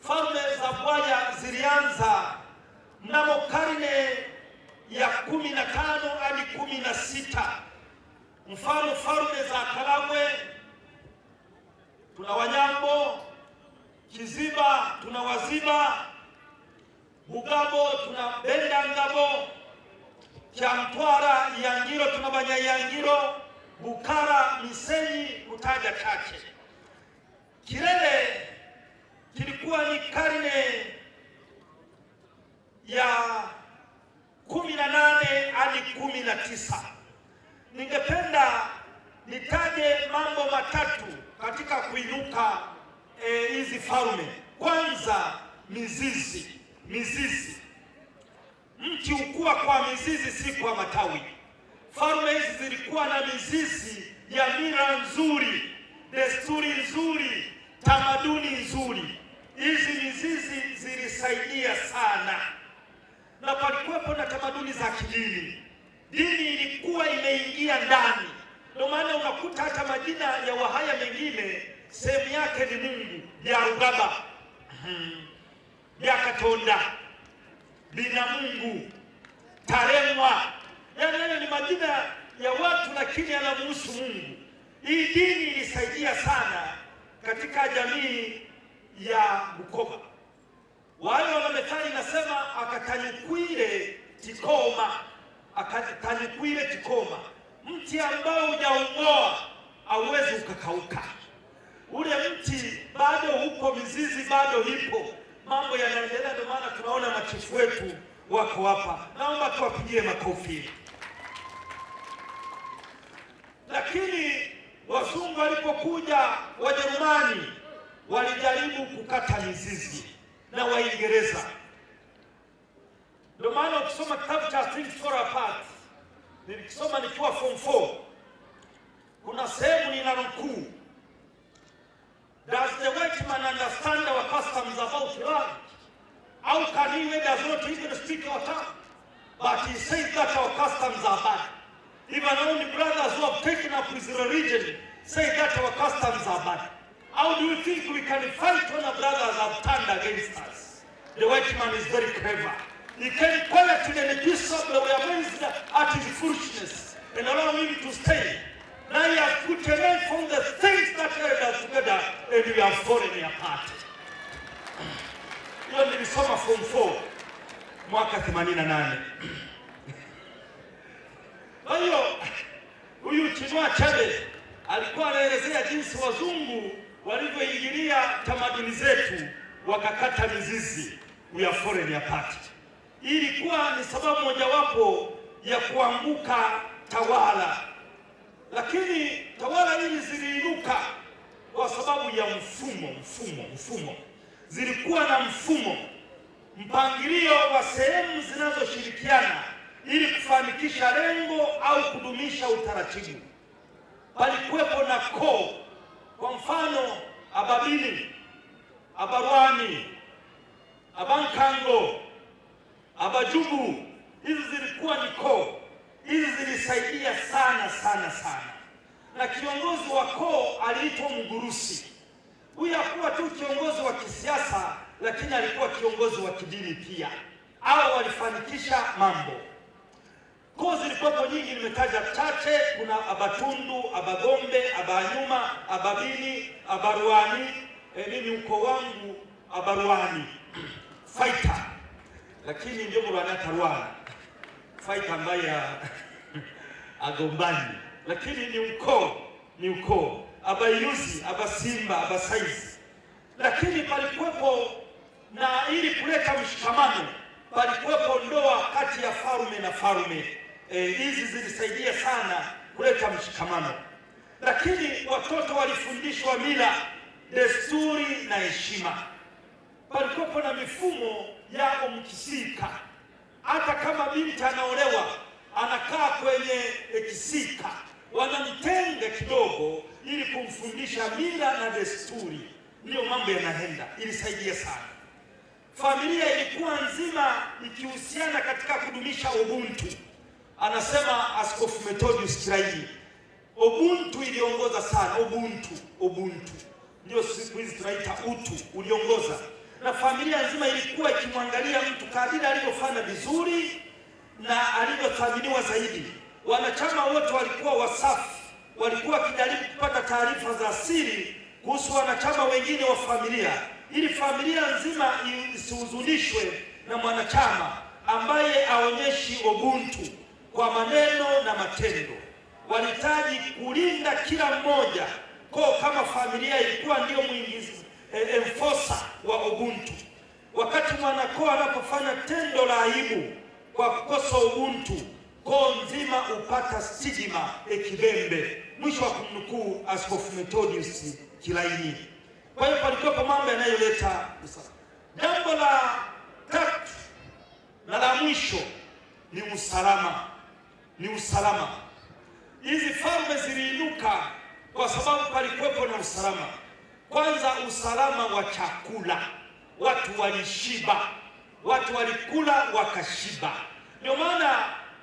falme za Bwaya zilianza mnamo karne ya kumi na tano hadi kumi na sita. Mfano falme za Karagwe tuna Wanyambo, Kiziba tuna Waziba, Bugabo tuna benda Ngabo, Kyamtwara Yangiro tuna Banyayangiro, Bukara Misenyi kutaja chache. Kilele kilikuwa ni karne ya kumi na nane hadi kumi na tisa. Ningependa nitaje mambo matatu katika kuinuka eh, hizi e, falme. Kwanza, mizizi. Mizizi, mti ukua kwa mizizi, si kwa matawi. Falme hizi zilikuwa na mizizi ya mila nzuri, desturi nzuri, tamaduni nzuri hizi mizizi zilisaidia sana, na palikuwepo na tamaduni za kidini. Dini ilikuwa imeingia ndani, ndio maana unakuta hata majina ya Wahaya mengine sehemu yake ni Mungu, Katonda bina mungu Taremwa, yaani hayo ni majina ya watu, lakini yanamhusu Mungu. Hii dini ilisaidia sana katika jamii ya Bukoba. Wale wanametali nasema akatanikwile tikoma, akatanikwile tikoma, mti ambao hujaung'oa hauwezi ukakauka. Ule mti bado huko mizizi bado ipo, mambo yanaendelea. Ndio maana tunaona machifu wetu wako hapa, naomba tuwapigie makofi. Lakini wazungu walipokuja Wajerumani walijaribu kukata mizizi na Waingereza. Ndio maana ukisoma kitabu cha Things Fall Apart, nilikisoma nikiwa form 4, kuna sehemu nina nukuu, does the white man understand our customs about land au can he does not even speak our tongue but he says that our customs are bad even our brothers who have taken up his religion say that our customs are bad How do you think we can fight when our brothers have turned against us? The white man is very clever. He can collect in the peace of the amazed at his foolishness and allow him to stay. Now he has put a end from the things that held us together and we are falling apart. You Hiyo nilisoma form four. mwaka 88. Kwa hiyo huyu Chinua Achebe alikuwa anaelezea jinsi wazungu walivyoingilia tamaduni zetu wakakata mizizi ya foreign apart. Ilikuwa ni sababu mojawapo ya kuanguka tawala, lakini tawala hizi ziliinuka kwa sababu ya mfumo, mfumo, mfumo. Zilikuwa na mfumo, mpangilio wa sehemu zinazoshirikiana ili kufanikisha lengo au kudumisha utaratibu. Palikuwepo na koo kwa mfano Ababili, Abarwani, Abankango, abajubu hizi zilikuwa ni koo. Hizi zilisaidia sana sana sana, na kiongozi wa koo aliitwa Mgurusi. Huyu hakuwa tu kiongozi wa kisiasa, lakini alikuwa kiongozi wa kidini pia. Hao walifanikisha mambo kuu zilikuwepo nyingi, nimetaja chache. Kuna Abatundu, Abagombe, Abanyuma, Ababini, Abaruani. Eh, mimi uko wangu Abaruani fighter, lakini ndio Murwana Tarwana fighter ambaye agombani, lakini ni ukoo ni ukoo Abayusi, Abasimba, Abasaizi. Lakini palikuwepo na ili kuleta mshikamano, palikuwepo ndoa kati ya farume na farume Eh, hizi e, zilisaidia sana kuleta mshikamano, lakini watoto walifundishwa mila, desturi na heshima. Palikuwa na mifumo ya mkisika Hata kama binti anaolewa anakaa kwenye kisika, wanamtenga kidogo ili kumfundisha mila na desturi, ndiyo mambo yanaenda. Ilisaidia sana, familia ilikuwa nzima ikihusiana katika kudumisha ubuntu. Anasema Askofu Methodius Kiraini, ubuntu iliongoza sana. Ubuntu, ubuntu ndio siku hizi tunaita utu, uliongoza na familia nzima ilikuwa ikimwangalia mtu kadiri alivyofanya vizuri na alivyothaminiwa zaidi. Wanachama wote walikuwa wasafi, walikuwa wakijaribu kupata taarifa za siri kuhusu wanachama wengine wa familia, ili familia nzima isihuzunishwe na mwanachama ambaye aonyeshi ubuntu kwa maneno na matendo. Walihitaji kulinda kila mmoja ko, kama familia ilikuwa ndio mwingizi eh, enforcer wa ubuntu. Wakati mwanako anapofanya tendo la aibu kwa kukosa ubuntu, koo nzima upata stigma ekibembe. Mwisho wa kumnukuu Askofu Methodius Kilaini. Kwa hiyo kwa mambo yanayoleta jambo la tatu na la mwisho ni usalama ni usalama. Hizi falme ziliinuka kwa sababu palikuwepo na usalama. Kwanza, usalama wa chakula, watu walishiba, watu walikula wakashiba. Ndio maana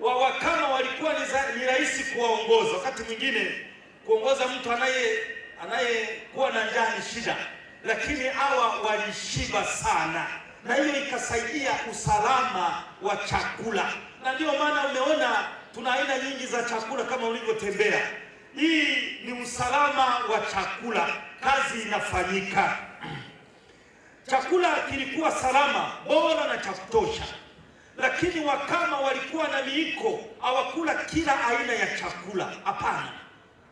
wawakama walikuwa ni rahisi kuwaongoza. Wakati mwingine kuongoza mtu anaye anayekuwa na njaa ni shida, lakini hawa walishiba sana, na hiyo ikasaidia usalama wa chakula, na ndio maana umeona tuna aina nyingi za chakula kama ulivyotembea. Hii ni usalama wa chakula, kazi inafanyika. Chakula kilikuwa salama, bora na cha kutosha, lakini wakama walikuwa na miiko, hawakula kila aina ya chakula. Hapana,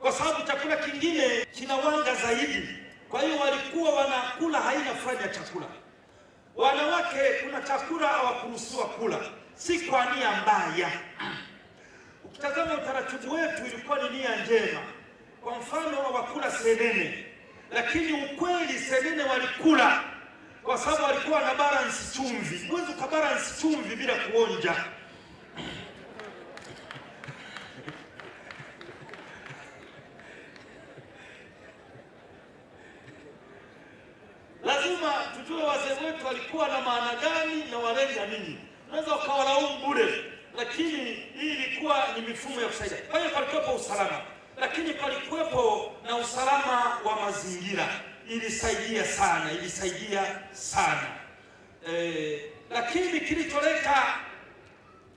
kwa sababu chakula kingine kina wanga zaidi. Kwa hiyo walikuwa wanakula haina fulani ya chakula. Wanawake kuna chakula hawakuruhusiwa kula, si kwa nia mbaya Tazama utaratibu wetu ilikuwa ni nia njema, kwa mfano wakula senene, lakini ukweli senene walikula kwa sababu walikuwa na balance chumvi. Huwezi balance chumvi bila kuonja. Lazima tujue wazee wetu walikuwa na maana gani na walenga nini. Unaweza ukawalaumu bure lakini hii ilikuwa ni mifumo ya kusaidia. Kwa hiyo palikuwepo usalama, lakini palikuwepo na usalama wa mazingira, ilisaidia sana, ilisaidia sana e, lakini kilicholeta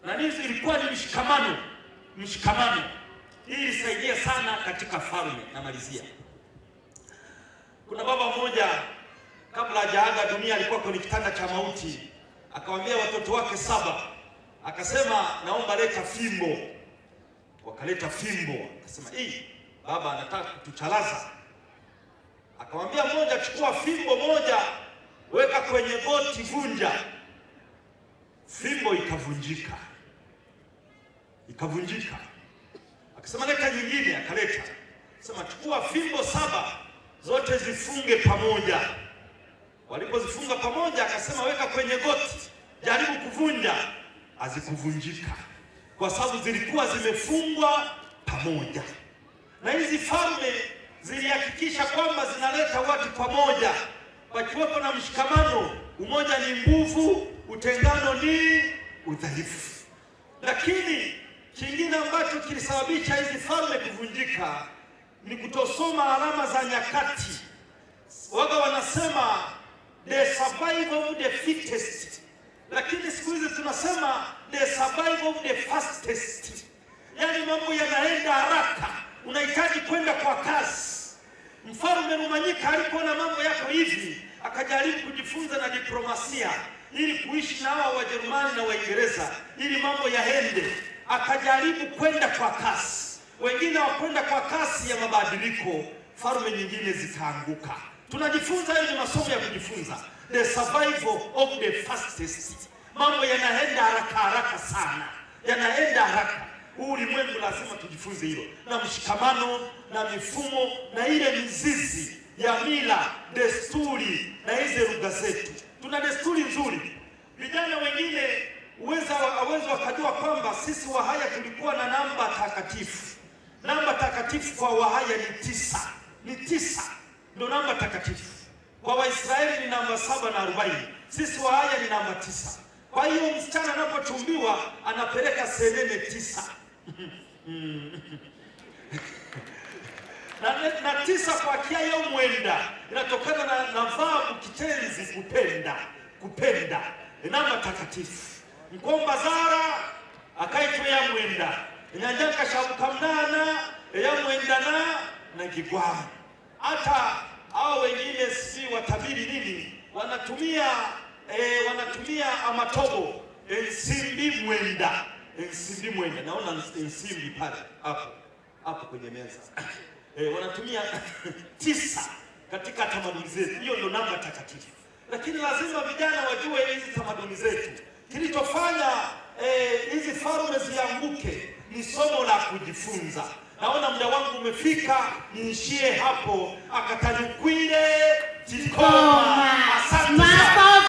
nani ilikuwa ni mshikamano, mshikamano hii ilisaidia sana katika falme. Namalizia, kuna baba mmoja kabla hajaaga dunia alikuwa kwenye kitanda cha mauti, akawaambia watoto wake saba akasema naomba leta fimbo. Wakaleta fimbo, akasema hii baba anataka kutuchalaza. Akamwambia mmoja, chukua fimbo moja weka kwenye goti, vunja. Fimbo ikavunjika, ikavunjika. Akasema leta nyingine, akaleta. Akasema chukua fimbo saba zote zifunge pamoja. Walipozifunga pamoja, akasema weka kwenye goti, jaribu kuvunja hazikuvunjika kwa sababu zilikuwa zimefungwa pamoja, na hizi falme zilihakikisha kwamba zinaleta watu pamoja, pakiwepo na mshikamano. Umoja ni nguvu, utengano ni udhaifu. Lakini kingine ambacho kilisababisha hizi falme kuvunjika ni kutosoma alama za nyakati. Waga wanasema the survival of the fittest lakini siku hizi tunasema the survival of the fastest, yaani mambo yanaenda haraka, unahitaji kwenda kwa kasi. Mfalme Rumanyika alipoona mambo yako hivi, akajaribu kujifunza na diplomasia ili kuishi na hawa Wajerumani na Waingereza ili mambo yaende, akajaribu kwenda kwa kasi, wengine wakwenda kwa kasi ya mabadiliko, falme nyingine zikaanguka. Tunajifunza, hayo ni masomo ya kujifunza the survival of the fastest. Mambo yanaenda haraka haraka sana, yanaenda haraka. Huu ulimwengu lazima tujifunze hilo, na mshikamano na mifumo na ile mizizi ya mila, desturi na hizi lugha zetu. Tuna desturi nzuri, vijana wengine hawezi wakajua kwamba sisi Wahaya tulikuwa na namba takatifu. Namba takatifu kwa Wahaya ni tisa, ni tisa, ndo namba takatifu kwa Waisraeli ni namba saba na arobaini, sisi Wahaya ni namba tisa. Kwa hiyo msichana anapochumbiwa anapeleka seleme tisa na, na tisa kwa kiayo mwenda inatokana na, na vabu kupenda, kupenda namba takatifu mkomba zara akaitwa ya mwenda nyanjaka shabuka mnana ya mwenda na gigwamu hata au wengine si watabiri nini, wanatumia e, wanatumia amatobo ensimbi eh, mwenda, ensimbi eh, mwenda, naona ensimbi pale hapo hapo kwenye meza e, wanatumia tisa katika tamaduni zetu. Hiyo ndio namba takatifu, lakini lazima vijana wajue hizi tamaduni zetu. Kilichofanya hizi e, falme zianguke ni somo la kujifunza naona muda wangu umefika, niishie hapo. Akatanikwile Tikoma. asante.